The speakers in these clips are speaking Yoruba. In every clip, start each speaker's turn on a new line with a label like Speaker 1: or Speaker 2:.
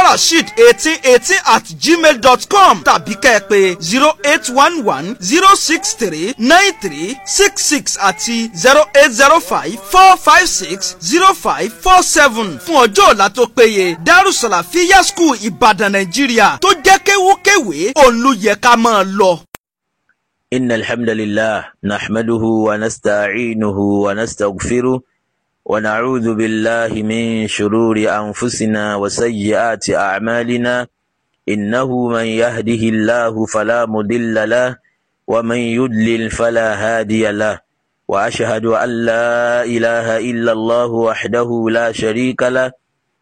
Speaker 1: farasheed eighteen eighteen at gmail dot com tàbí kẹ́ẹ̀pè zero eight one one zero six three nine three six six àti zero eight zero five four five six zero five four seven fún ọjọ́ ọ̀la tó péye darussalafiya school ìbàdàn nàìjíríà tó jẹ́ kéwúkéwé òun máa lọ.
Speaker 2: إن الحمد لله نحمده ونستعينه ونستغفره ونعوذ بالله من شرور أنفسنا وسيئات أعمالنا إنه من يهده الله فلا مضل له ومن يدلل فلا هادي له وأشهد أن لا إله إلا الله وحده لا شريك له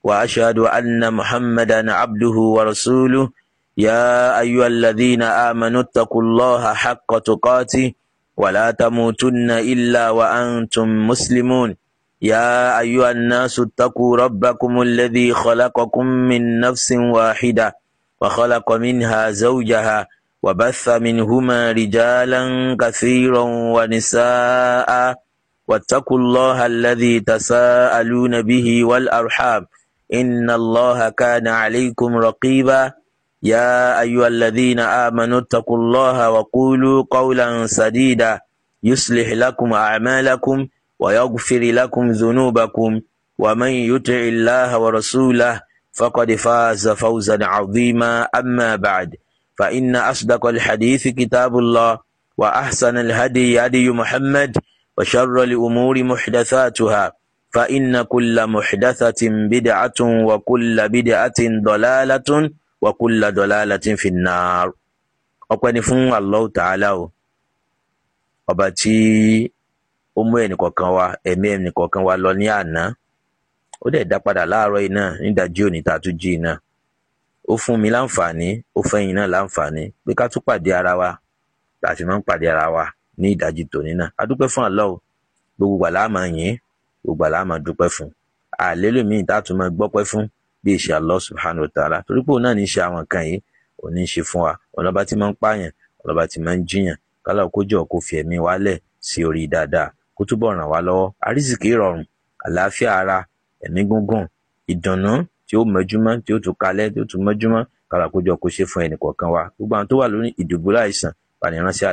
Speaker 2: وأشهد أن محمدا عبده ورسوله يا أيها الذين آمنوا اتقوا الله حق تقاته ولا تموتن إلا وأنتم مسلمون يا أيها الناس اتقوا ربكم الذي خلقكم من نفس واحدة وخلق منها زوجها وبث منهما رجالا كثيرا ونساء واتقوا الله الذي تساءلون به والأرحام إن الله كان عليكم رقيبا يا أيها الذين آمنوا اتقوا الله وقولوا قولا سديدا يصلح لكم أعمالكم ويغفر لكم ذنوبكم ومن يطع الله ورسوله فقد فاز فوزا عظيما أما بعد فإن أصدق الحديث كتاب الله وأحسن الهدي هدي محمد وشر الأمور محدثاتها فإن كل محدثة بدعة وكل بدعة ضلالة وكل ضلالة في النار ọpẹ́ ni fún Allah Ta'ala ó mú ẹnìkọ̀ọ̀kan wa ẹ̀mí ẹnìkọ̀ọ̀kan wa lọ ní àná ó dẹ̀ dá padà láàárọ̀ yìí náà nídàájí òní tá a tún jí iná ó fún mi láǹfààní ó fẹ́yìn náà láǹfààní pé ká tún pàdé ara wa la fi máa ń pàdé ara wa ní ìdajì tòní náà a dúpẹ́ fún Allah gbogbo gbà la máa yìn gbogbo gbà la máa dúpẹ́ fún àlélò míì tá a tún máa gbọ́pẹ́ fún bí ìṣe Allah subhanahu wa ta'ala torí pé òun náà ní ṣe àwọn nǹkan yìí òun ní ṣe fún wa ọlọ́ba tí máa ń pààyàn ọlọ́ba tí máa ń jiyàn kálá òkójọ́ kò fi ẹ̀mí wálẹ̀ sí orí dáadáa kó túbọ̀ ràn wá lọ́wọ́ àrísìkí ìrọ̀rùn àlàáfíà ara ẹ̀mí gígùn ìdùnnú tí ó mọ́júmọ́ tí ó tún kalẹ́ tí ó tún mọ́júmọ́ kàràkójọ kó ṣe fún ẹnìkọ̀ọ̀kan wa gbogbo àwọn tó wà lórí ìdùbúlẹ̀ àìsàn bani ránṣẹ́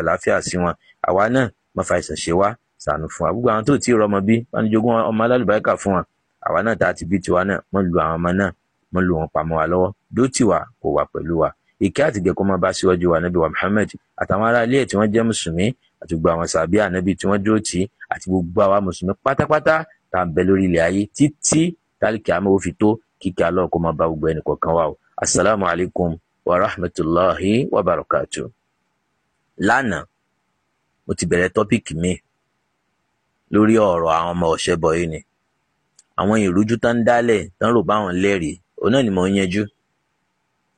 Speaker 2: àlàáfíà sí wọn àwa náà má fa àìsàn ṣe wá ṣàánú fún wa gbogbo àwọn tó ti rọmọ bí bani jogún ọmọ alálùbáríkà fún wa àwa náà tá a ti bí tiwa náà mọ́ lu àwọn ọmọ náà mọ́ lu wọn pamọ́ wa lọ́wọ́ dó tiwa kó wà pẹ̀lú wa ìkẹ́ àtìgẹ́ kó bá síwájú wa nábì wa Muhammad àtàwọn ará ilé ẹ̀ tí wọ́n jẹ́ mùsùlùmí àti gbogbo àwọn sàbí ànábì tí wọ́n dúró tì í àti gbogbo àwa mùsùlùmí pátápátá tá à ń bẹ lórí ilẹ̀ ayé títí tálíkì àmọ́ òfin tó kíkẹ́ alọ́ kó máa bá gbogbo ẹnì kọ̀ọ̀kan wa o asalaamu alaykum wa rahmatulahi wa barakatu. lánàá mo ti bẹ̀rẹ̀ tọ́píìkì mi lórí ọ̀rọ̀ àwọn ọmọ ọ̀ṣẹ́bọ yìí ni àwọn ìrújú tán ń dálẹ̀ tán rò báwọn lẹ́rìí òun náà ni mò ń yanjú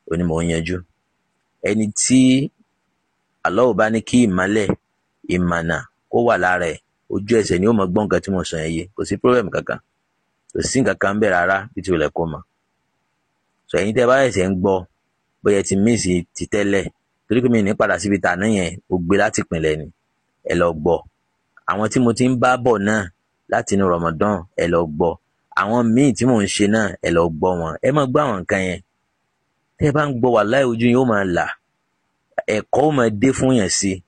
Speaker 2: òun ni mò ń yanjú ẹni tí Allah bá ní kí ìmọ́lẹ̀ ìmọ̀nà kó wà lára ẹ̀ ojú ẹsẹ̀ ni ó mọ̀ gbọ́ tí mo sọ yẹn yé kò sí problem kankan kò sí nǹkan kan bẹ́ẹ̀ rárá bí ti wùlẹ̀ kó mọ̀ sọ ẹ̀yin tẹ́ bá ẹ̀sẹ̀ ń gbọ́ bóyá ti miss ti tẹ́lẹ̀ torí pé mi ní padà síbi tàná yẹn ó gbé láti pinlẹ̀ ni ẹ lọ gbọ́ àwọn tí mo ti ń bá bọ̀ náà láti inú Ramadan ẹ lọ gbọ́ àwọn míì tí mò ń ṣe náà ẹ lọ gbọ́ wọn ẹ má gbọ́ àwọn nǹkan yẹn tẹ́ bá ń gbọ́ wà láì ojú yóò máa là ẹ̀kọ́ ó máa dé fún yẹn sí i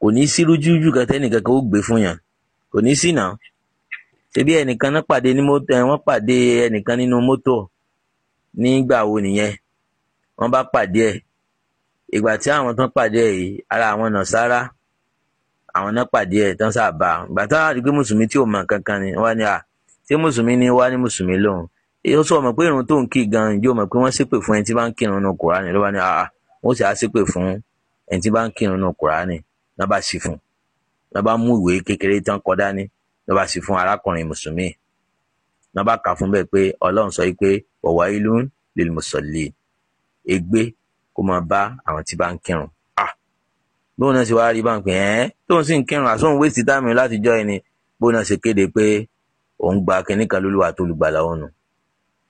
Speaker 2: kò ní sí rújújú kan tẹ́nìkan kan ó gbé fún yàn kò ní sí náà ṣebí ẹnìkan náà pàdé ní mọ́tò ẹ̀ wọ́n pàdé ẹnìkan nínú mọ́tò nígbà wo nìyẹn wọ́n bá pàdé ẹ̀ ìgbà tí àwọn tó ń pàdé ẹ̀ yìí ara àwọn náà sára àwọn náà pàdé ẹ̀ tán sábà ìgbà táwọn àdúgbò mùsùlùmí tí ò mọ̀ kankan ni wọ́n ní à ṣé mùsùlùmí ni wá ní mùsùlùmí lòun ó sọ mọ̀ pé irun tó ń kí gan yóò mọ̀ pé wọ́n ṣépè fún ẹni tí bá ń kírun nù kùránì ló wá à wọ́n sì á ṣépè fún ẹni tí bá ń kírun nù kùránì lọ́ bá sì fún lọ́ bá mú ìwé kékeré tán kọ dání lọ́ bá sì fún arákùnrin mùsùlùmí lọ́ bá kà fún bẹ́ẹ̀ pé ọlọ́run sọ pé wọ̀wá ìlú lil musallin ègbé kó máa bá àwọn tí bá ń kírun bóun náà ṣe wá rí báńkì ẹ̀ tóun sì ń kírun àsóhun wéṣì táàmì látijọ́ ẹni bóun náà ṣe kéde pé òun gba kinní kan lólúwa tó lùgbàlà òun nù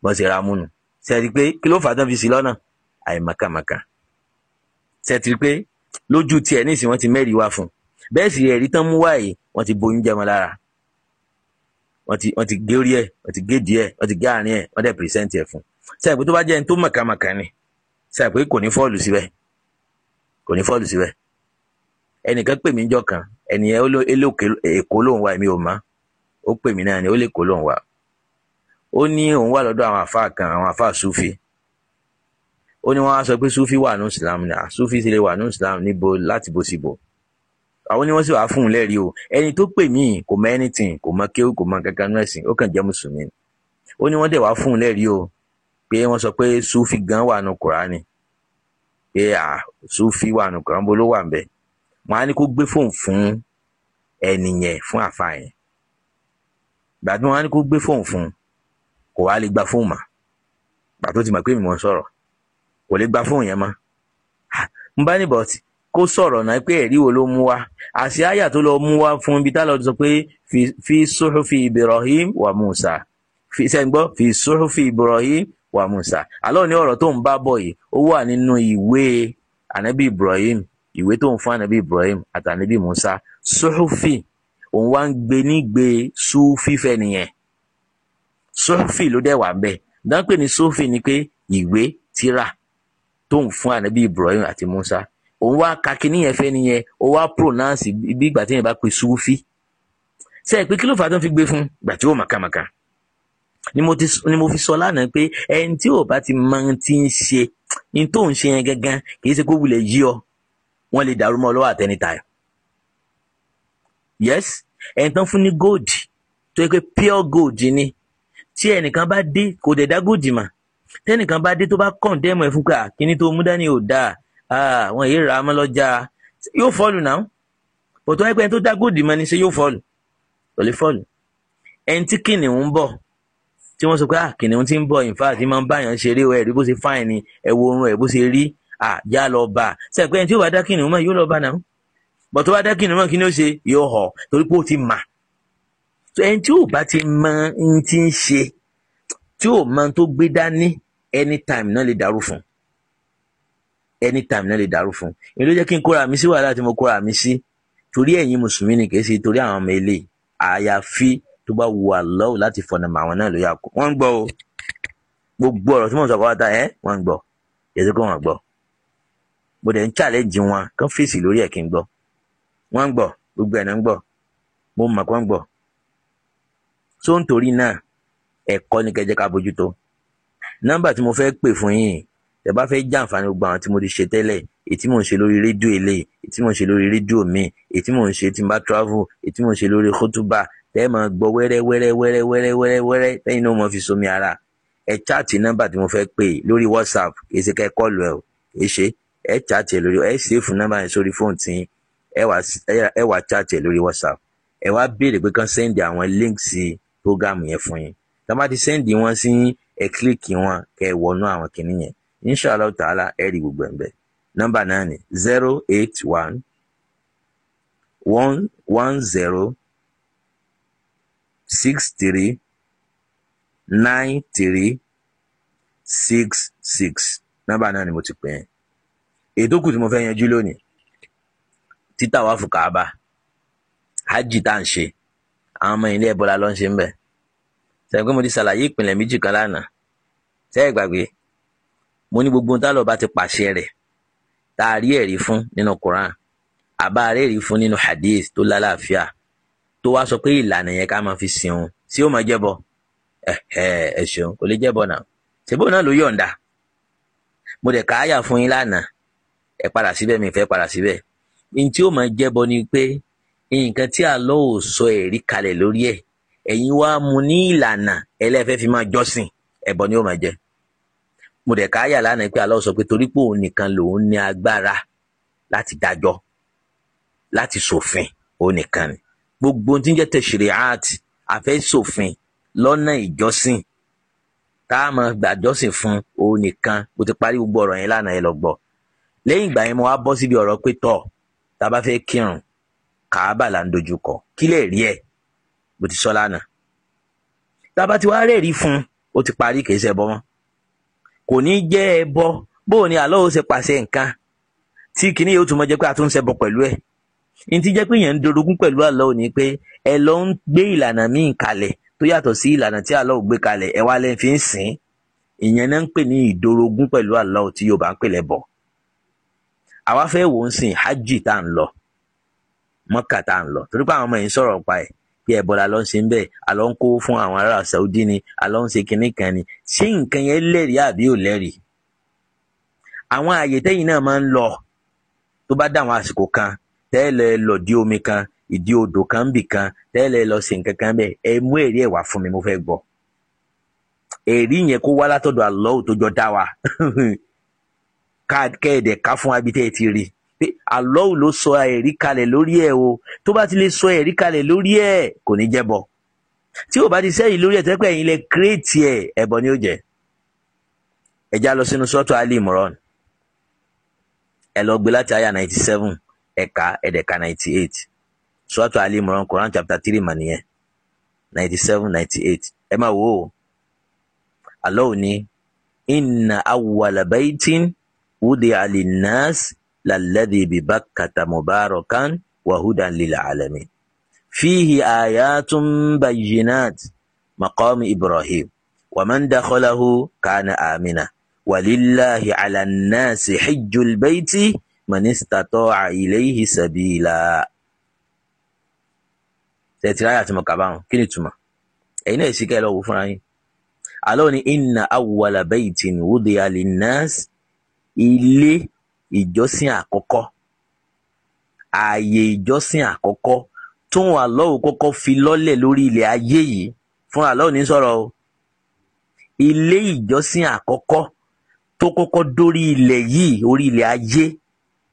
Speaker 2: bọ́n ṣe ra múnu ṣe rí i pé kí ló fà á tán fi sí lọ́nà àìmọ̀kàmọ̀kà ṣe ti pé lójú tiẹ̀ nísìn wọ́n ti mẹ́rìí wá fún un bẹ́ẹ̀ sì ẹ̀rí tán mú wáyé wọ́n ti boyún jẹ́ wọn lára wọ́n ti gé orí ẹ̀ wọ́n ti gé díẹ̀ wọ́n ti gé àárín ẹ̀ wọ́n dẹ̀ pírísẹ́ǹtì ẹ̀ fún un sẹ́yìnpé tó bá jẹ́ ẹni tó mọ̀kàmọ̀kà ni sẹ́yìnpé kò ní fọ́ọ̀lù síbẹ̀ kò ní fọ́ọ̀lù síbẹ̀ ẹnìkan pè mí jọ ẹnìyẹn ó pè mí náà ni ó ní wọ́n á sọ pé sufi wà ní islam ni sufi ti lè wà ní islam níbo láti bó sí bò àwọn ni wọ́n sì wá fún un lẹ́rìí o ẹni tó pè mí kò mọ anything kò mọ kéwù kò mọ kankan nú ẹ̀sìn ó kàn jẹ́ mùsùlùmí ó ní wọ́n dẹ̀ wá fún un lẹ́rìí o pé wọ́n sọ pé sufi gan wà ní kùránì pé à sufi wà ní kùránì bó ló wà nbẹ wọn á ní kó gbé fóònù fún ẹni yẹn fún àfa yẹn gbàdúrà wọn á ní kó gbé fóònù fún kò wá lè gba fóònù mà gbàtó ti mọ̀ pé mi mọ̀ sọ̀rọ̀ kò lè gba fóònù yẹn mọ́ n ah, bá ní bọ̀tì kó sọ̀rọ̀ náà pé ẹ̀rí wo ló mú wa àti àyà tó lọ mú wa fún ibi tá sọ pé fi suhufi Ibrahim wa Musa fi sẹ́ńgbọ́ fi suhufi Ibrahim wa Musa àlọ́ ní ọ̀rọ̀ tó ń bá bọ̀ yìí ó wà nínú ìwé ànábì Ibrahim ìwé tó ń fún ànábì Ibrahim àti ànábì Musa suhufi òun wá ń gbé nígbé sufi fẹ́ nìyẹn sufi ló dẹ̀ wà bẹ́ẹ̀ dáńpẹ́ ni sufi ni pé ìwé tírà tó ń fún ànábì Ibrahim àti Musa òun wá ka kíní yẹn fẹ́ nìyẹn ó wá pronounce bí ìgbà tí yẹn bá pe sufi ṣe é pé kí ló fà á tó fi gbé fún ìgbà tí ó màkàmàkà ni mo fi sọ lánàá pé ẹni tí ò bá ti mọ ohun tí ń ṣe ní tó ń ṣe yẹn gangan kì í ṣe pé wulẹ̀ yí ọ wọ́n lè dàrú mọ́ ọ lọ́wọ́ àtẹnitá ẹ̀ yes ẹni tán fún ní gold tó yẹ pé pure gold ni tí ẹnìkan bá dé kò dẹ̀ dá gold mà tẹ́nìkan bá dé tó bá kọ̀ǹdẹ́mù ẹ̀ fún pé kíní tó mú dání ò dáa àwọn èyí rà á mọ́ lọ́jà yóò fọ́ọ̀lù náà bọ̀tọ̀ ẹgbẹ́ tó dá góòdì mọ́ ni ṣé yóò fọ́ọ̀lù kò lè fọ́ọ̀lù ẹni tí kìnìún ń bọ̀ tí wọ́n sọ pé kìnìún ti ń bọ̀ in fact máa ń báyàn ṣeré o rí bó ṣe fáìn ni ẹ̀ wo orun ẹ̀ bó ṣe rí yá lọ bá a sẹ́pẹ́ ẹni tí yóò bá dá kìnìún mọ́ yóò lọ bá náà bọ̀tọ̀ bá dá kìnìún mọ́ bá ti mọ ohun tí ń ṣe tí ò mọ tó gbé dání anytime náà lè dàrú fún anytime náà lè dàrú fún èyí ló jẹ́ kí n kóra mi sí wàhálà tí mo kóra mi sí torí ẹ̀yin mùsùlùmí ni kìí ṣe torí àwọn ọmọ ilé àyàfi tó bá wù àlọ́ láti fọ̀nà mọ àwọn náà ló yà kó wọ́n ń gbọ́ o gbogbo ọ̀rọ̀ tí mo sọ fún ata ẹ̀ wọ́n ń gbọ́ yẹtí kó wọ́n gbọ́ mo dẹ̀ ń challenge wọn kán fèsì lórí ẹ̀ kí n gbọ́ wọ́n ń gbọ́ gbogbo ẹ̀ náà ń gbọ́ mo mọ̀ kó ń gbọ́ so nítorí náà ẹ̀kọ́ ní kẹjẹ́ ká bójútó nọ́mbà tí mo fẹ́ pè fún yín tẹ́ bá fẹ́ jàǹfààní gbogbo àwọn tí mo ti ṣe tẹ́lẹ̀ èyí tí mò ń ṣe lórí rédíò eléyìí èyí tí mò ń ṣe lórí rédíò míì èyí tí mò ń ṣe tí n bá travel èyí tí mò ń ṣe lórí kótóbà tẹ́ máa gbọ́ wẹ́rẹ́ wẹ́rẹ́ wẹ́rẹ́ wẹ́rẹ́ wẹ́rẹ́ wẹ́rẹ́ lẹ́yìn náà mo fi somi ara ẹ chaati nọ́mbà tí mo fẹ́ pè lórí whatsapp kìí ṣe kẹ́ kọ́ọ̀lù ẹ o kìí ṣe ẹ chaati ẹ lórí ẹ ṣèfù nọ́mbà yẹn sórí fóònù tí ẹ wà chaati ẹ lórí whatsapp ẹ wá béèrè pé kán sẹ́ndì àwọn líǹkì sí prógámù yẹn fún yín tá a bá ti sẹ́ǹdì wọn sí ẹ kílíkì wọn kẹ ẹ wọnú àwọn kìnnì yẹn inshàlá tààlà ẹ rí gbogbo ẹ̀ ń bẹ̀ nọ́mbà náà ni zero eight one one one zero six three nine three six six nọ́mbà náà ni mo ti pè é ètò kù tí mo fẹ́ yanjú lónìí títà wà fún kaaba hajj tá à ń ṣe àwọn ọmọ ilé ẹ̀bọ́lá ló ń ṣe ń bẹ̀ sẹ́gbẹ́ mo ti ṣàlàyé ìpìlẹ̀ méjì kan lánàá tẹ́ ẹ̀ gbàgbé mo ní gbogbo ohun tálọ́ọ̀bá ti pàṣẹ rẹ̀ tá a rí ẹ̀rí fún nínú Quran àbá a rí fún nínú hadith tó lálàáfíà tó wá sọ pé ìlànà yẹn ká máa fi sìn òun tí ó máa jẹ́bọ ẹ ṣeun kò lè jẹ́bọ náà ṣèbó náà ló yọ̀ǹda mo dẹ̀ káyà fún yín lánàá ẹ padà síbẹ̀ mi fẹ́ padà síbẹ̀ ní tí jẹ́bọ ni pé nǹkan tí àlọ́ ò sọ ẹ̀rí kalẹ̀ lórí ẹ̀ ẹ̀yin wá mu ní ìlànà ẹlẹ́fẹ́ fi máa jọ́sìn ẹbọ ni ó máa jẹ mo dẹ̀ káyà lánàá pé Allah sọ pé torí pé òun nìkan lòun ní agbára láti dájọ́ láti ṣòfin òun nìkan ni gbogbo ohun tí ń jẹ́ tẹ̀sírì áàtì àfẹ́ ṣòfin lọ́nà ìjọsìn tá a máa gbàjọsìn fún òun nìkan mo ti parí gbogbo ọ̀rọ̀ yẹn lánàá yẹn lọ gbọ́ lẹ́yìn ìgbà yẹn mo wá bọ́ síbi ọ̀rọ̀ pé tọ̀ tá a bá fẹ́ kírun kàábà là ń dojú kọ kí rí ẹ̀ bó ti sọ lánàá a bá ti wá rẹ́ẹ̀rí fún un ó ti parí kì í ṣe ẹbọ mọ́ kò ní jẹ́ ẹbọ bóò ni àlọ́ ò ṣe pàṣẹ nǹkan tí kinní yóò tún mọ jẹ́ pé a tún pẹ̀lú ẹ̀ ní ti jẹ́ pé pẹ̀lú àlọ́ pé ẹ lọ ń gbé ìlànà míì kalẹ̀ tó yàtọ̀ sí ìlànà tí àlọ́ ò gbé kalẹ̀ ẹ wá fi sìn ìyẹn náà ń pè ní pẹ̀lú àlọ́ pé ẹbọ la lọ ń ṣe ń bẹ ń kó fún àwọn ará Saudi ni àlọ ń ṣe kinní kan ni ṣé nǹkan yẹn lẹ́rìí àbí ò lẹ́rìí àwọn àyè tẹ́yìn náà máa ń lọ tó bá dà àwọn àsìkò kan tẹ́lẹ̀ lọ di omi kan ìdí odò kan bì kan tẹ́lẹ̀ lọ sí nǹkan kan bẹ́ẹ̀ ẹ mú èrè ẹ̀ wá fún mi mo fẹ́ gbọ́ èrí yẹn kó wá látọ̀dọ̀ àlọ́ òtójọ́ dá wa káàdì kẹ́ẹ̀dẹ̀ ká fún abitẹ́ ti rí pé àlọ́ọ̀ ló sọ ẹ̀rí kalẹ̀ lórí ẹ̀ o tó bá ti lè sọ ẹ̀rí kalẹ̀ lórí ẹ̀ kò ní jẹ́ bọ tí ò bá ti sẹ́yìn lórí ẹ̀ tẹ́pẹ́ ẹ̀yin lẹ kírètì ẹ̀ ẹ̀bọ ni ó jẹ́ ẹ já lọ sínú sọ́tọ̀ Ali Imran ẹ lọ gbé láti aya ninety seven ẹ̀ka ẹ̀dẹ̀ka ninety eight sọ́tọ̀ Ali Imran Quran chapter three mà nìyẹn ninety seven ninety eight ẹ máa wò ó àlọ́ òní inna awwala baitin wudi lalladhi bibakkata mubarakan wa hudan lil alamin fihi ayatun bayyinat maqami ibrahim wa man dakhalahu kana amina walillahi ala nnasi hijjul bayti man istata'a ilayhi sabila. tẹ̀tìráyà tí mo kà báwọn kí ni túmọ̀ ẹ̀yin náà sì kẹ́ ẹ fúnra yín alọ́ ni inna awwala baytin wudiya linnas ilé ìjọsìn àkọ́kọ́ ààyè ìjọsìn àkọ́kọ́ tóun Allah kọ́kọ́ fi lọ́lẹ̀ lórí ilẹ̀ ayé yìí fún Allah ní sọ̀rọ̀ o ilé ìjọsìn àkọ́kọ́ tó kọ́kọ́ dórí ilẹ̀ yìí orí ilẹ̀ ayé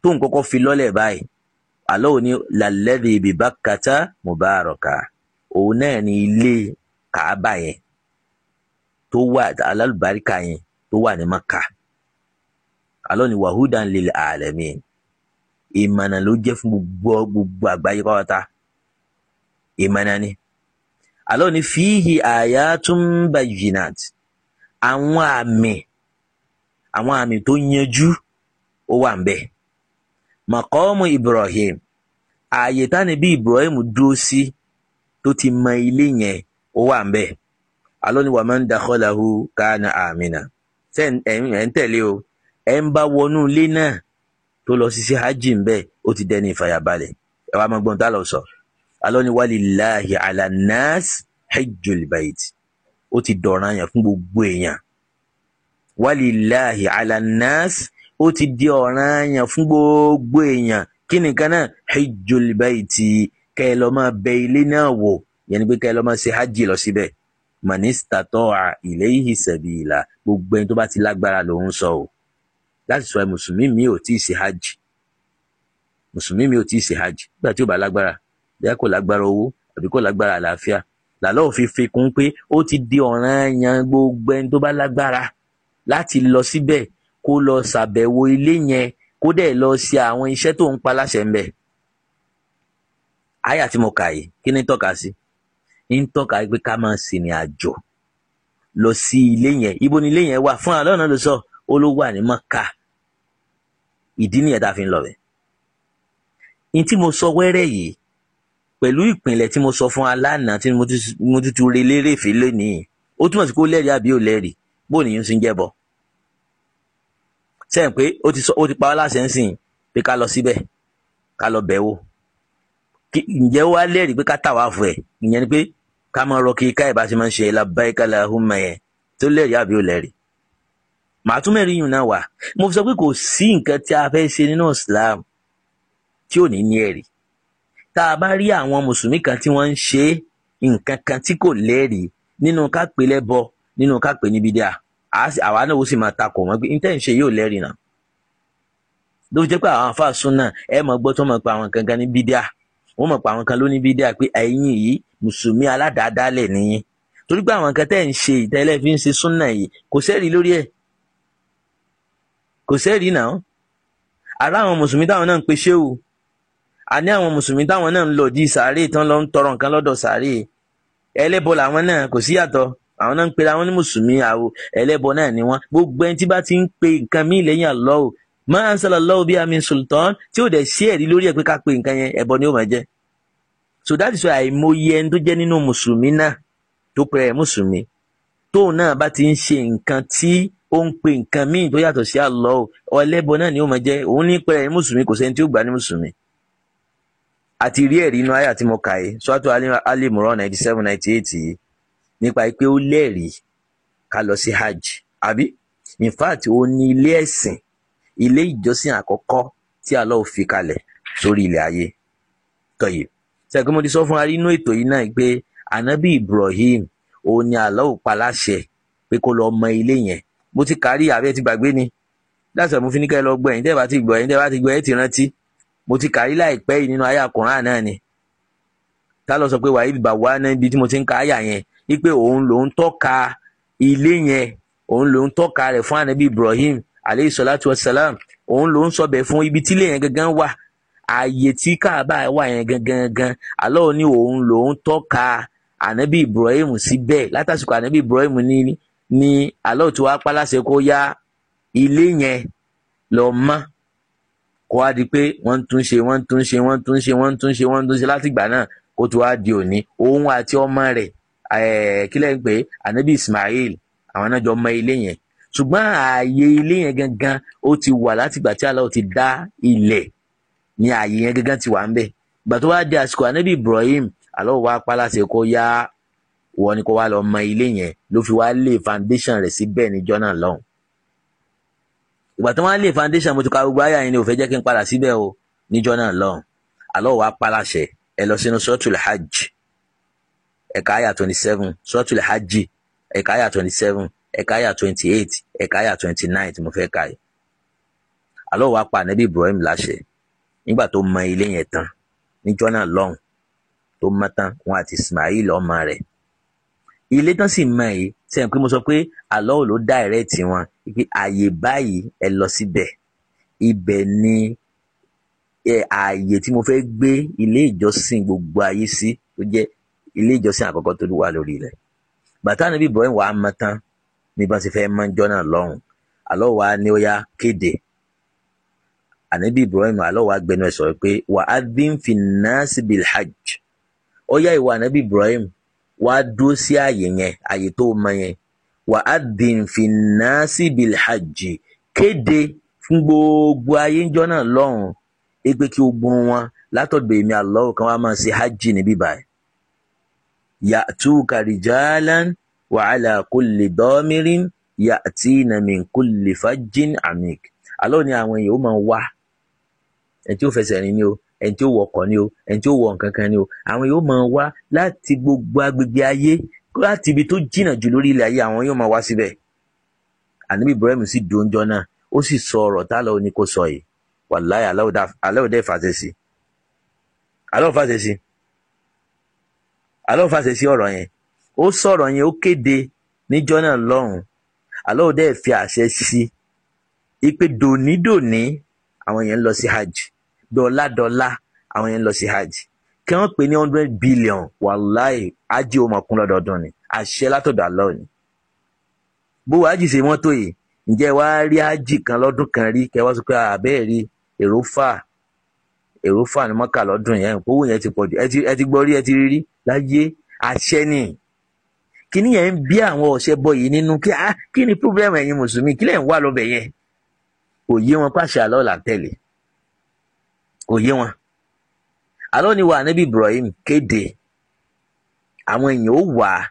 Speaker 2: tóun kọ́kọ́ fi lọ́lẹ̀ báyìí Allah ní lalladhi bi mubaraka òun náà ní ilé Kaaba yẹn tó wà alálùbáríkà yẹn tó wà ní Maka alọ́ni wahudan lil alamin ìmọ̀nà ló jẹ́ fún gbogbo àgbáyé pátá ìmọ̀nà ni alọ́ni fihi ayatun bayyinat àwọn àmì àwọn àmì tó yanjú ó wà ń bẹ̀ maqamu Ibrahim ààyè táni bí Ibrahim dúró sí tó ti mọ ilé yẹn ó wà ń bẹ̀ alọ́ni wa man dakhalahu kana amina ẹ̀ ń tẹ̀lé o ẹ ń bá wọnú ilé náà tó lọ sí sí hajj ń bẹ ó ti dẹni ìfàyàbalẹ̀ ẹ wàá mọ gbọ́n tá lọ sọ alọ́ni walillahi ala nas hajjul bait ó ti dọ̀ràn yẹn fún gbogbo èèyàn walillahi ala nas ó ti di ọ̀ràn yẹn fún gbogbo èèyàn kí nìkan náà hajjul bait kẹ́ ẹ lọ́ọ́ máa bẹ ilé náà wò yẹn ni pé kẹ́ ẹ lọ́ọ́ máa ṣe hajj lọ síbẹ̀ manista tọ́ a ilayhi sabila gbogbo ẹni tó bá ti lágbára lòún sọ o. That's why mùsùlùmí mi ò tí ì ṣe hajj mùsùlùmí mi ò tí ì ṣe hajj nígbà tí ó bá lágbára bẹ́ẹ̀ kò lágbára owó àbí kò lágbára àlàáfíà làlọ́ òfin fi kún pé ó ti di ọ̀ranyàn gbogbo ẹni tó bá lágbára láti lọ síbẹ̀ kó lọ ṣàbẹ̀wò ilé yẹn kó dẹ̀ lọ ṣe àwọn iṣẹ́ tó ń pa láṣẹ ń bẹ̀. àyà tí mo kà yìí kí ni tọ́ka sí ń tọ́ka pé ká máa sìnrìn àjò lọ sí ilé yẹn ibo ni ilé yẹn wà fún àlọ́ ló sọ ó ló wà ní mọ́ka ìdí nìyẹn tá a fi ń lọ bẹ̀. n tí mo sọ wẹ́rẹ́ yìí pẹ̀lú ìpìnlẹ̀ tí mo sọ fún alánà tí mo ti tún reléré fi lónìí ó túmọ̀ sí kó lẹ́rìí àbí ò lẹ́rìí bó nìyẹn ti ń jẹ́ bọ̀. sẹ́yìn pé ó ti sọ ó ti pa ọ́ láṣẹ ń sìn pé ká lọ síbẹ̀ ká lọ bẹ̀ ǹjẹ́ wá lẹ́rìí pé ká tàwa fún ẹ̀ ìyẹn ni pé ká máa rọ kí ká ìbá ṣe máa ń ṣe labbaika lahumma yẹn tó lẹ́rìí àbí ò lẹ́rìí màá tún mẹ́rin yùn náà wà mo fi sọ pé kò sí nǹkan tí a fẹ́ ṣe nínú Islam tí ò ní ní ẹ̀rí tá a bá rí àwọn mùsùlùmí kan tí wọ́n ń ṣe nǹkan kan tí kò lẹ́rìí nínú ká pè lẹ́bọ nínú ká pè ní bídíà àwa náà ó sì máa takò wọ́n pé níta ìṣe yóò lẹ́rìí náà ló fi jẹ́ pé àwọn àfáà súnà ẹ mọ̀ gbọ́ tó mọ̀ pa àwọn kankan ní bídíà wọ́n mọ̀ pa àwọn kan ló ní bídíà pé ẹ̀yin yìí mùsùlùmí aládàádálẹ̀ nìyí torí pé àwọn kan tẹ́ ń ṣe ìtẹ́lẹ̀ fi ń ṣe súnà yìí kò sẹ́rìí lórí ẹ̀ kò sẹ́ẹ̀rí náà ará àwọn mùsùlùmí táwọn náà ń pe ṣéwù a ní àwọn mùsùlùmí táwọn náà ń lọ di sàárè tán lọ ń tọrọ nǹkan lọ́dọ̀ sàárè ẹlẹ́bọ làwọn náà kò sí yàtọ̀ àwọn náà ń pera wọn ní mùsùlùmí àwò ẹlẹ́bọ náà ni wọn gbogbo ẹni tí bá ti ń pe nǹkan míì lẹ́yìn Allah ma anzalallahu biha min sultan tí ò dẹ̀ sí ẹ̀rí lórí ẹ̀ pé ká pe nǹkan yẹn ẹbọ ni ó máa jẹ́ so that is why àìmọye ẹni tó jẹ́ nínú mùsùlùmí náà tó pẹ̀rẹ̀ mùsùlùmí tóun náà bá ti ń ṣe nǹkan tí ó ń pe nǹkan míì tó yàtọ̀ sí àlọ́ o ọlẹ́bọ náà ni ó máa jẹ́ òun ní pẹ́rẹ́ ní mùsùlùmí kò sẹ́ni tí ó gbà ní mùsùlùmí. àti rí ẹ̀rí inú àyà tí mo kà yìí sọ́tò alimuran ninety seven ninety eight yìí nípa pé ó lẹ́rìí ká lọ sí hajj àbí in fact ó ní ilé ẹ̀sìn ilé ìjọsìn àkọ́kọ́ tí àlọ́ ò fi kalẹ̀ sórí ilẹ̀ ayé tọ́yì ṣàgbọ́n mo ti sọ fún wa ètò yìí náà pé ànábì Ibrahim òun ni àlọ́ ò pa láṣẹ pé kó lọ mọ ilé yẹn mo ti kárí àbẹ́ ti gbàgbé ni láti ọ̀mú fi ní kẹ́ lọ gbọ́ ẹ̀yin tẹ́ẹ̀ bá ti gbọ́ ẹ̀yin tẹ́ẹ̀ bá ti gbọ́ ẹ̀ ti rántí mo ti kárí láìpẹ́ yìí nínú àyà Kùránì náà ni tá lọ sọ pé wàá ibà wá níbi tí mo ti ń ka àyà yẹn wípé òun lòún tọ́ka ilé yẹn òun lòún tọ́ka rẹ̀ fún ànábì Ibrahim aleyhi salatu wa salam òun lòún sọbẹ̀ fún ibi tílé yẹn gangan wà ààyè tí káàbà wà yẹn gangan gan ni òun lòún tọ́ka ànábì Ibrahim síbẹ̀ látàsìkò ànábì Ibrahim ní ni Allah tí wàá pàláṣẹ kó yá ilé yẹn lọ mọ́ kó wá di pé wọ́n tún ṣe wọ́n tún ṣe wọ́n tún ṣe wọ́n tún ṣe wọ́n tún ṣe látìgbà náà kó tó wá di òní òun àti ọmọ rẹ̀ eh, kílẹ̀ ń pè anabi Ismail àwọn náà jọ mọ ilé yẹn ṣùgbọ́n ààyè ilé yẹn gangan ó ti wà látìgbà tí Allah ti dá ilẹ̀ ní ààyè yẹn gangan ti wà ń bẹ̀ ìgbà tó wá di àsìkò anabi Ibrahim Allah wàá pàláṣẹ kó yá wọ́n ní kó wá lọ mọ ilé yẹn ló fi wá lé foundation rẹ̀ sí bẹ́ẹ̀ níjọ́ náà lọ́hùn. ìgbà tí wọ́n lé foundation mo ti ka gbogbo àyà yẹn ni ò fẹ́ jẹ́ kí n padà síbẹ̀ o níjọ́ náà lọ́hùn. Allah wá paláṣẹ ẹ lọ sínú suratul hajj ẹ̀ka àyà twenty seven suratul hajj ẹ̀ka àyà twenty seven ẹ̀ka àyà twenty eight ẹ̀ka àyà twenty nine tí mo fẹ́ ka yìí. Allah wá pa ànábì Ibrahim láṣẹ nígbà tó mọ ilé yẹn tán níjọ́ náà lọ́hùn tó mọ́ tán wọn àti Ismail ọmọ rẹ̀ ilé tán sì mọ yìí ṣe hàn pé mo sọ pé àlọ́ọ̀ ló direct wọn pé ààyè báyìí ẹ lọ síbẹ̀ ibẹ̀ ni ààyè tí mo fẹ́ gbé ilé ìjọsìn gbogbo ayé sí tó jẹ́ ilé ìjọsìn àkọ́kọ́ tó wà lórí rẹ̀ bàtà níbi Ibrahim wàá mọ tán ní bá ṣe fẹ́ mọ jọ́nà lọ́hùn àlọ́ wa ni ó yá kéde ànábì Ibrahim àlọ́ wa gbẹnu ẹ̀ sọ̀rọ̀ pé wà á dín fi náà síbi hajj ó ìwà ànábì Ibrahim wà á dúró sí àyè yẹn àyè tó mọ yẹn wà á dín fìnnáàsì bilhajj kéde fún gbogbo ayé ńjọ́ náà lọ́hùn é pé kí ogun wọn látọ̀dọ̀ èmi Allah kan wá máa ṣe hajj níbí báyìí ya'tuka rijalan wa ala kulli damirin ya'tina min kulli fajjin amik Allah ni àwọn èèyàn ó máa wá ẹ̀ tí ó fẹsẹ̀ rìn ni o ẹni tí ó wọ ọkọ̀ ni o ẹni tí ó wọ nǹkan kan ni o àwọn yóò máa wá láti gbogbo agbègbè ayé láti ibi tó jìnnà jù lórí ilẹ̀ ayé àwọn yóò máa wá síbẹ̀ ànábì Ibrahim sì dóńjọ náà ó sì sọ ọ̀rọ̀ tá lọ́wọ́ ni kò sọ yìí wàláyé aláwọ̀dẹ́ fàṣẹ sí aláwọ̀ fàṣẹ sí aláwọ̀ fàṣẹ sí ọ̀rọ̀ yẹn ó sọ̀rọ̀ yẹn ó kéde níjọ́ náà lọ́hùn aláwọ̀dẹ́ fi àṣẹ sí i dòní dòní àwọn yẹn lọ sí hajj dọ́ládọ́lá àwọn yẹn ń lọ sí hajj kí wọ́n pè ní hundred billion wàláì hajj ó mọ̀ kún lọ́dọọdún ni àṣẹ látọ̀dọ̀ àlọ́ ni bó hajj ṣe wọ́n tó yìí ǹjẹ́ wàá rí hajj kan lọ́dún kan rí kẹ́ wá sọ pé àbẹ́ẹ̀ rí èrò fà èrò fà ní mọ́kà lọ́dún yẹn owó yẹn ti pọ̀ jù ẹ ti gbọ́ rí ẹ ti rí rí láyé àṣẹ ni kíní yẹn ń bí àwọn ọ̀ṣẹ́ bọ yìí nínú kí á ah, kí ni pírọ́blẹ́mù ẹ̀yin mùsùlùmí kí lẹ̀ ń wà lọ́bẹ̀ yẹn kò yé wọn pàṣẹ àlọ́ là ń tẹ̀lé kò yé wọn alọ́ ni wà níbi Ibrahim kéde àwọn èèyàn ó wà á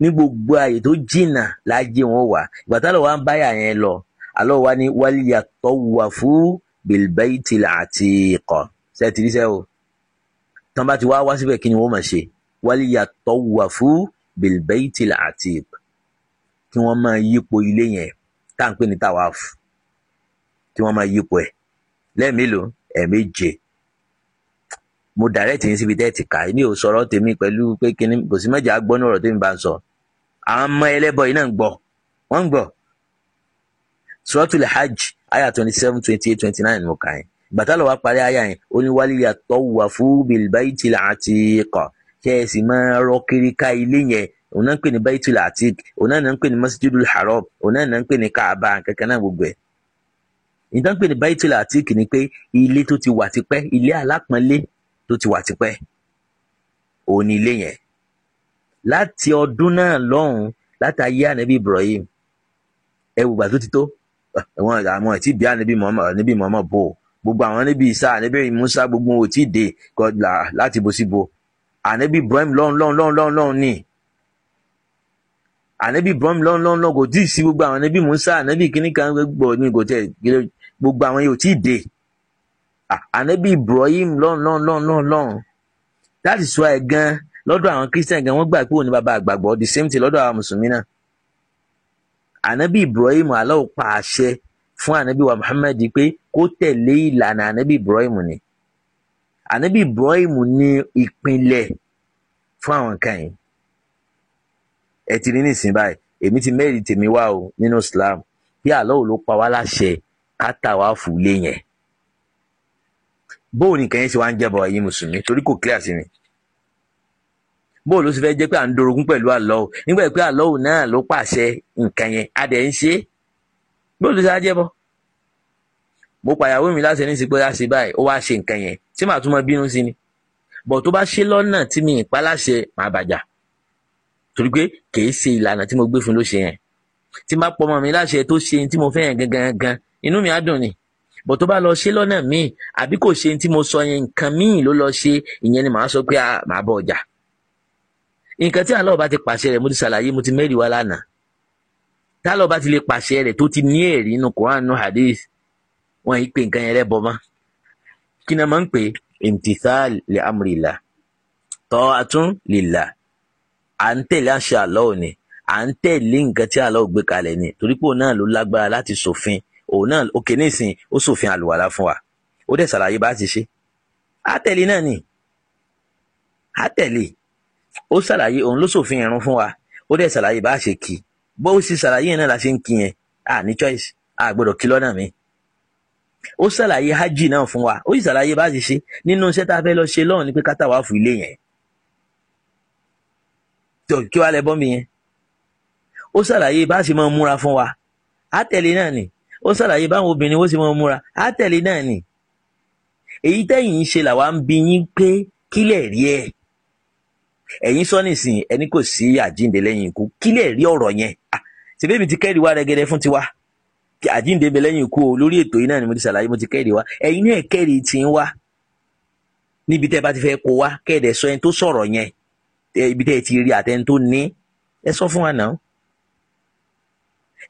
Speaker 2: ní gbogbo ààyè tó jìnnà láàjì wọn wà ìgbà tá lọ wá ń báyà yẹn lọ alọ́ wa ní wálíyà tó wà fún bilbaiti àtìkọ sẹtìrìsẹ o tán bá ti wá wá síbẹ̀ kí ni wọ́n máa ṣe wálíyà tó wà fún bilbaiti àtìkọ kí wọ́n máa yípo ilé yẹn tá à ń pè ní tawaf kí wọ́n máa yípo ẹ̀ lẹ́ẹ̀mélòó ẹ̀ẹ̀méje mo direct yín síbi tẹ́ẹ̀tì ká mi ò sọ̀rọ̀ tèmi pẹ̀lú pé kíní kò sí mẹ́jà gbọ́ ní ọ̀rọ̀ tèmi bá ń sọ àwọn ọmọ ẹlẹ́bọ yìí ń gbọ́ wọ́n ń gbọ́ suratul hajj aya twenty seven twenty eight twenty nine mo kà yín bàtà lọ́wọ́ parí aya yẹn ó ní wálé yàtọ̀ wà fún bilbaiti àti kọ̀ kẹ́ ẹ sì máa rọ kiri ká ilé yẹn òun náà ń pè ní baitul atik òun náà ń pè ní masjidul haram òun náà ń pè ní kaaba kankan ìdánpè ní Baitul Atiq ni pé ilé tó ti wà tipẹ́ ilé alápọ̀nlé tó ti wà tipẹ́ òun ni ilé yẹn láti ọdún náà lọ́hùn látàyé ànábì Ibrahim ẹ wò gbà tó ti tó àwọn àwọn ẹ̀ tí bí ànábì Muhammad ànábì Muhammad bò gbogbo àwọn ànábì Isa ànábì Musa gbogbo wọn ò tí ì dé láti bo sí bo ànábì Ibrahim lọ́hùn lọ́hùn lọ́hùn lọ́hùn lọ́hùn ni ànábì Ibrahim lọ́hùn lọ́hùn lọ́hùn kò tí ì sí gbogbo àwọn ànábì Musa ànábì kíníkan gbọ́ ni kò tẹ̀ gbogbo àwọn yóò tí ì dé ànábì Ibrahim lọ́n lọ́n lọ́n lọ́n lọ́n that is why gan lọ́dọ̀ àwọn Christian gan wọ́n gbà pé òun ni bàbá àgbàgbọ́ the same thing lọ́dọ̀ àwọn mùsùlùmí náà ànábì Ibrahim Allah pa àṣẹ fún ànábì wa Muhammad pé kó tẹ̀lé ìlànà ànábì Ibrahim ni ànábì Ibrahim ní ìpìlẹ̀ fún àwọn kan yìí ẹ ti rí nísìnyí báyìí èmi ti mẹ́rin tèmi wá o nínú Islam bí Allah ló pa wá láṣẹ ká tàwáàfù ilé yẹn bóun nìkan yẹn ṣe wá ń jẹbọ ẹ̀yin mùsùlùmí torí kò clear sí mi bóun ló sì fẹ́ jẹ́ pé à ń dorogún pẹ̀lú àlọ́ o nígbà pé àlọ́ òun náà ló pàṣẹ nǹkan yẹn a dẹ̀ ń ṣe bóun ló ṣe á jẹbọ mo pàyàwó mi láṣẹ ní sípò láṣẹ báyìí ó wá ṣe nǹkan yẹn tí màá tún mọ bínú sí ni bọ̀ tó bá ṣe lọ́nà tí mi ìpa láṣẹ màá bàjá torí pé kì í ṣe ìlànà tí mo gbé fún ló ṣe yẹn tí má pọ̀ mọ́ mi láṣẹ tó ṣe tí mo fẹ́ yẹn gangan gan inú mi á dùn ni bọ̀ tó bá lọ ṣe lọ́nà míì àbí kò ṣe tí mo sọ yẹn nǹkan míì ló lọ ṣe ìyẹn ni màá sọ pé ah, màá bọ̀ ọjà nǹkan tí Allah bá ti pàṣẹ rẹ̀ mo ti ṣàlàyé mo ti mẹ́rin wá lánàá tá bá ti lè pàṣẹ rẹ̀ tó ti ní ẹ̀rí inú Quran inú hadith wọn yìí pé nǹkan yẹn rẹ̀ bọ́ mọ́ kí ni a máa ń pè imtithal li amrillah ta'atun lillah à ń tẹ̀lé àṣẹ Allah ni à ń tẹ̀lé nǹkan tí Allah gbé kalẹ̀ ni torí náà ló lágbára láti ṣòfin òun náà òkè nísìn ó ṣòfin àlùwàlà fún wa ó dẹ̀ ṣàlàyé bá ti ṣe àtẹ̀lé náà nì àtẹ̀lé ó ṣàlàyé òun ló ṣòfin irun fún wa ó dẹ̀ ṣàlàyé bá ṣe kì í bó o sì ṣàlàyé yẹn náà la ṣe ń kí yẹn a ní choice a gbọ́dọ̀ kí lọ́nà mi ó ṣàlàyé hajj náà fún wa ó sì ṣàlàyé bá ti ṣe nínú iṣẹ́ tá a fẹ́ lọ ṣe lọ́hùn ni pé káta wàá fún ilé yẹn tó kí wàá lẹ bọ́ mi yẹn ó ṣàlàyé bá ṣe máa múra fún wa àtẹ̀lé náà ni ó ṣàlàyé báwọn obìnrin wọ́n ṣe máa múra á tẹ̀lé náà nì èyí tẹ́yìn ń ṣe làwa ń bi yín pé kílẹ̀ rí ẹ̀ ẹ̀yin sọ nísìnyí ẹni kò sí àjíǹde lẹ́yìn ikú kílẹ̀ rí ọ̀rọ̀ yẹn ṣèbí mi ti kẹ́rì wá rẹ́gẹ́dẹ́ fún tiwa àjíǹde bẹ lẹ́yìn ikú o lórí ètò yìí náà ni mo ti ṣàlàyé mo ti kẹ́rì wá ẹ̀yin náà kẹ́rì tí ń wá níbi tẹ́ bá ti fẹ́ kó wá kẹ́ẹ̀dẹ̀ sọ ẹni tó sọ̀rọ̀ yẹn ibi tẹ́ ti rí àtẹni tó ní ẹ sọ fún wa náà.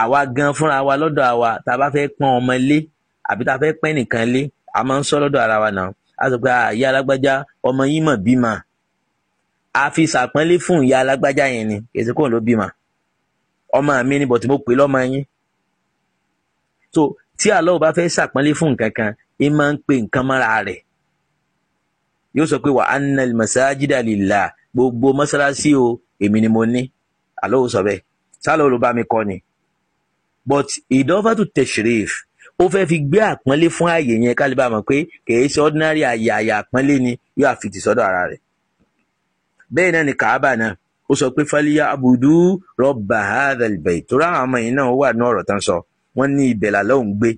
Speaker 2: àwa gan fúnra wa lọ́dọ̀ àwa tá a bá fẹ́ pọ́n ọmọ lé àbí tá a fẹ́ pẹ́ nìkan lé a máa ń sọ lọ́dọ̀ ara wa náà a sọ pé àyà alágbájá ọmọ yín mọ̀ bímọ a fi sàpọ́nlé fún ìyá alágbájá yẹn ni èsì kò ló bímọ ọmọ mi ni bọ̀tí mo pè lọ́mọ yín so tí Allah bá fẹ́ sàpọ́nlé fún nǹkan kan ẹ máa ń pe nǹkan mọ́ra rẹ̀ yóò sọ pé wa annal masajida lillah gbogbo mọ́sálásí o èmi ni mo ní Allah sọ bẹ́ẹ̀ sálọ̀ ló bá mi kọ́ ni but ìdọ́fàtú tẹ̀sírìf ó fẹ́ fi gbé àpọ́nlé fún ààyè yẹn ká lè bá mọ̀ pé kìí ṣe ordinary àyè àyè àpọ́nlé ni yóò àfitì sọ́dọ̀ ara rẹ̀ bẹ́ẹ̀ náà ni kàábà náà ó sọ pé faliya abudu rọba hadalbẹ ìtura àwọn ọmọ yìí náà wà ní ọ̀rọ̀ tán sọ wọ́n ní ibẹ̀ làlọ́ ń gbé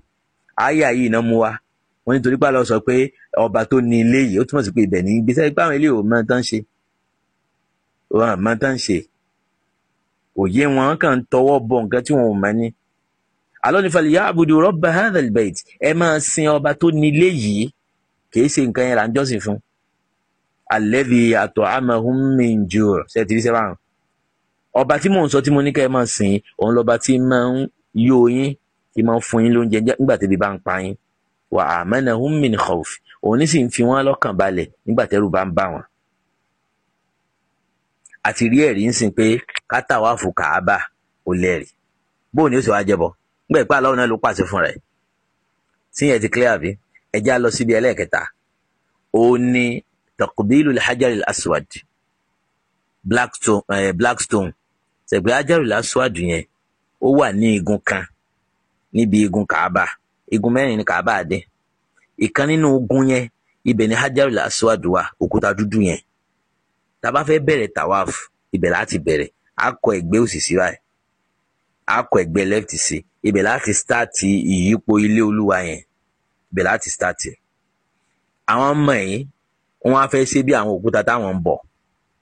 Speaker 2: àyà yìí náà mú wa wọ́n nítorí pàlọ́ sọ pé ọba tó ní ilé yìí ó túmọ̀ sí pé ibẹ̀ ní gbé alọ́ni falẹ̀ yá abudu rọ́bà hadhal bait ẹ máa sin ọba tó nílé yìí kìí ṣe nǹkan yẹn là ń jọ́sìn fún alẹ́bi àtọ̀ amahum min ju ṣe ti rí sẹ́wà hàn ọba tí mò ń sọ tí mo ní ká ẹ máa sìn òun lọ́ba tí máa ń yó yín tí máa ń fún yín lóúnjẹ nígbà tẹ́bi bá ń pa yín wà amanahum òun ní sì ń fi wọ́n lọ́kàn balẹ̀ nígbà tẹ́rù bá ń bà wọ́n àti rí ẹ̀rí ń sìn pé kátàwáfù kàábà ò lẹ́rìí bóun ni ó sì wá jẹ́bọ̀ọ́ gbẹ̀ e pé àlọ́ náà ló pàṣẹ fún rẹ̀ tíyẹn ti clear bí ẹja lọ síbi ẹlẹ́ẹ̀kẹta òun ni taqbilu al-hajar al-aswad blackstone eh, blackstone yẹn ó wà ní igun kan níbi igun kaaba igun mẹ́rin kaaba ìkan nínú yẹn ibẹ̀ ni wà òkúta dúdú yẹn tá a bá á kọ ẹ̀gbẹ́ left sí ibẹ̀ láti start ìyípo ilé olúwa yẹn ibẹ̀ láti start ẹ̀ àwọn ọmọ yìí wọ́n á fẹ́ ṣe bí àwọn òkúta táwọn ń bọ̀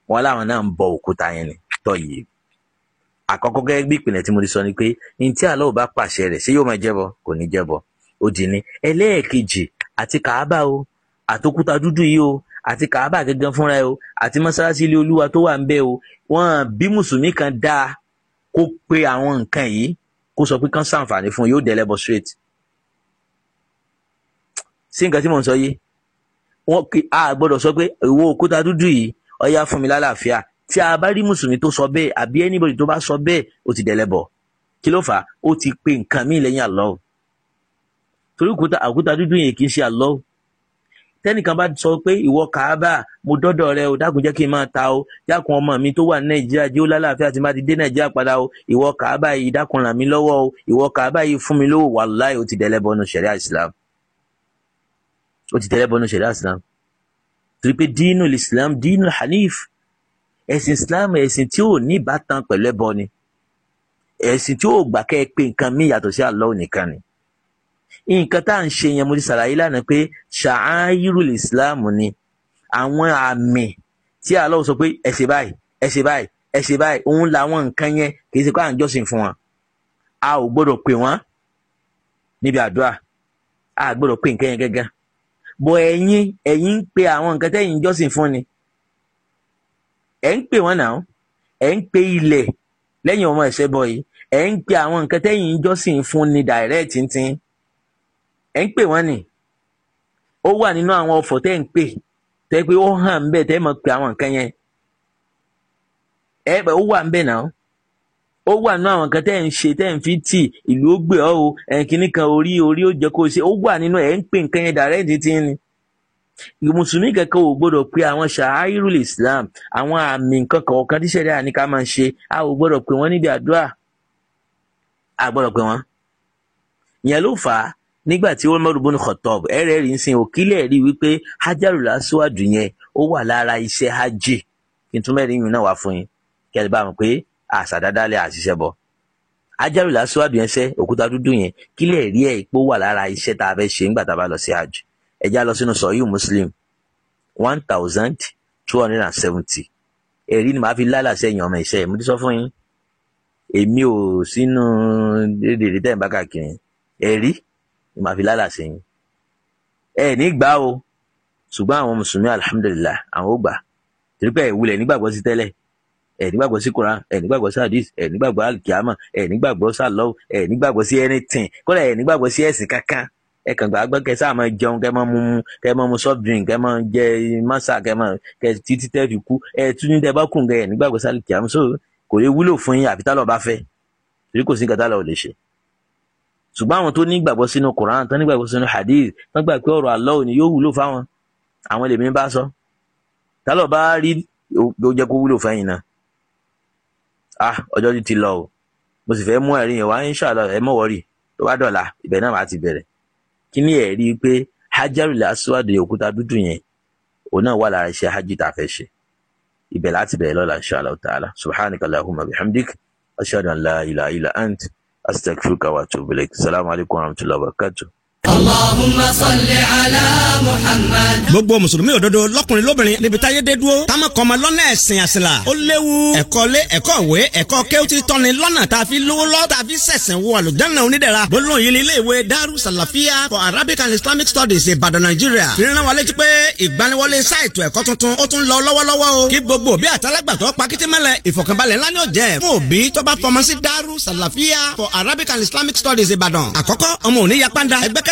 Speaker 2: wọ́n láwọn náà ń bọ òkúta yẹn ni tọ́ yìí àkọ́kọ́ gẹ́gẹ́ bí ìpìlẹ̀ tí mo ti sọ ni pé ní tí àlọ́ ò bá pàṣẹ rẹ̀ ṣé yóò máa jẹ́bọ kò ní jẹ́bọ ó di ní ẹlẹ́ẹ̀kejì àti kàábà o àtòkúta dúdú yìí o àti kàábà gẹ́gẹ́ fúnra ẹ o àti mọ́sálásí ilé olúwa tó wà ń bẹ o wọ́n bí mùsùlùmí kan dáa kó pe àwọn nǹkan yìí kó sọ pé kán ṣàǹfààní fún yóò dẹlẹ́bọ straight sí nǹkan tí mò ń sọ yìí wọn kì á gbọ́dọ̀ sọ pé ìwọ òkúta dúdú yìí ọyá fún mi lálàáfíà tí a bá rí mùsùlùmí tó sọ bẹ́ẹ̀ àbí anybody tó bá sọ bẹ́ẹ̀ ó ti dẹlẹ́bọ kí ló fà á ó ti pe nǹkan míì lẹ́yìn àlọ́ torí òkúta dúdú yìí kì í ṣe àlọ́ tẹ́nìkan bá sọ pé ìwọ kàábà mo dọ́dọ̀ rẹ o dákun jẹ́ kí n máa ta o dákun ọmọ mi tó wà ní nàìjíríà jẹ́ ó lálàáfíà tí n bá ti dé nàìjíríà padà o ìwọ kàábà yìí dákun ràn mí lọ́wọ́ o ìwọ kàábà yìí fún mi lówó wàláì o ti dẹ̀lẹ́ bọ́nu ṣẹ̀ríà islam o ti dẹ̀lẹ́ bọ́nu ṣẹ̀ríà islam torí pé dínú islam dínú hanif ẹ̀sìn islam ẹ̀sìn tí ò ní ìbátan pẹ̀lú ẹbọ ni ẹ̀sìn tí ò gbà kẹ́ ẹ pé nǹkan mí yàtọ̀ sí Allah nìkan ni nǹkan tá à ń ṣe yẹn mo ti ṣàlàyé lánàá pé ṣàáyírùl islam ni àwọn àmì tí Allah sọ pé ẹ ṣe báyìí ẹ ṣe báyìí ẹ báyìí òun làwọn nǹkan yẹn kì í ṣe pé à ń jọ́sìn fún wọn a ò gbọ́dọ̀ pè wọ́n níbi àdúrà a gbọ́dọ̀ pè nǹkan yẹn gẹ́gẹ́ bọ́ ẹ̀yin ẹ̀yin ń pe àwọn nǹkan tẹ́yìn jọ́sìn fún ni ẹ̀ ń pè wọ́n náà ẹ̀ ń pe ilẹ̀ lẹ́yìn ọmọ ẹ̀ṣẹ́ bọ̀ yìí ẹ̀ ń pe àwọn nǹkan tẹ́yìn jọ́sìn fún ni dàrẹ́ẹ̀tì ń ẹ̀ ń pè wọ́n ni ó wà nínú àwọn ọ̀fọ̀ tẹ́ ń pè pé ó hàn ń bẹ̀ mọ̀ pé àwọn nǹkan yẹn ẹ bẹ̀ ó wà ń náà ó wà nínú àwọn nǹkan tẹ́ ń ṣe tẹ́ ń fi tì ìlú ó gbé o ẹ̀yìn kan orí orí ó o ṣe ó wà nínú ẹ̀ ń pè nǹkan yẹn ni mùsùlùmí kankan ò gbọdọ̀ pé àwọn islam àwọn àmì nǹkan máa nígbà tí Umar ibn Khattab ẹ̀rẹ́ rí sin òkílẹ̀ rí wípé Hajarul Aswad yẹn ó wà lára iṣẹ́ hajj kí n tún mẹ́rin yìí náà wá fún yín kí ẹ bá mọ̀ pé àṣà dáadáa lẹ́ àṣìṣe bọ̀ Hajarul Aswad yẹn sẹ́ òkúta dúdú yẹn kílẹ̀ rí ẹ̀ pé ó wà lára iṣẹ́ tá a fẹ́ ṣe nígbà tá a bá lọ sí hajj ẹ lọ sínú Sahih Muslim one thousand two hundred and seventy èrí ni màá fi lálàsẹ̀ yàn ọmọ ìṣe mo ti sọ fún yín èmi ò sínú dèrè tẹ̀ ń ni màá fi lálà sẹ́yìn ẹ ní gbà o ṣùgbọ́n àwọn mùsùlùmí alhamdulillah àwọn ò gbà torí pé ìwúlẹ̀ nígbàgbọ́ sí tẹ́lẹ̀ ẹ nígbàgbọ́ sí koran ẹ nígbàgbọ́ sí hadith ẹ nígbàgbọ́ alikiyama ẹ nígbàgbọ́ sálọ ẹ nígbàgbọ́ sí anything kódà ẹ nígbàgbọ́ sí ẹ̀sìn kankan ẹ kàn gbàgbọ́ kẹ sáà máa jẹun kẹ máa mumu kẹ máa mu soft drink kẹ máa jẹ masa kẹ máa kẹ títí tẹ́ fi kú ẹ tún ní tẹ bá kùn kẹ ẹ nígbàgbọ́ sí alikiyama so kò lè wúlò fún yín àbí tálọ̀ bá fẹ́ torí kò sí nǹkan tálọ̀ ò lè ṣe ṣùgbọ́n àwọn tó nígbàgbọ́ sínú Quran tó nígbàgbọ́ sínú hadith tó gbà pé ọ̀rọ̀ Allah ni yóò wúlò fáwọn àwọn lèmi bá sọ tálọ̀ bá rí ló jẹ́ kó wúlò fẹ́yìn náà ah ọjọ́ ti ti lọ o mo sì fẹ́ mú ẹ̀rí yẹn wá inshallah ẹ mọ̀ wọ́rì tó bá dọ̀la ibẹ̀ náà máa ti bẹ̀rẹ̀ kí ni ẹ̀rí pé hajarul aswad òkúta dúdú yẹn òun náà wà lára iṣẹ́ hajj tá a fẹ́ ṣe ibẹ̀ láti bẹ̀rẹ̀ lọ́la inshallah ta'ala subhanakallahumma bihamdik ashhadu astagfirka wa atubu bilik. assalamu alaikum warahmatullahi wabarakatuh
Speaker 3: Allahumma salli ala Muhammad. gbogbo mùsùlùmí òdodo lọkùnrin lóbìnrin níbi táyé dé dúró táwọn kan máa lọ́nà ẹ̀sìn àṣìlá ó léwu ẹ̀kọ́ lé ẹ̀kọ́ ìwé ẹ̀kọ́ kéwútì tọ́ni lọ́nà tá a fi lówó lọ́ tá a fi sẹ̀sẹ̀ wọ àlùjáná onídẹ̀ra gbólóhùn yìí ní ilé ìwé Daru Salafia for Arabic and Islamic Studies Ìbàdàn Nàìjíríà ìrìnà wa létí pé ìgbaniwọlé sáìtù ẹ̀kọ́ tuntun ó tún lọ lọ́wọ́lọ́wọ́ o kí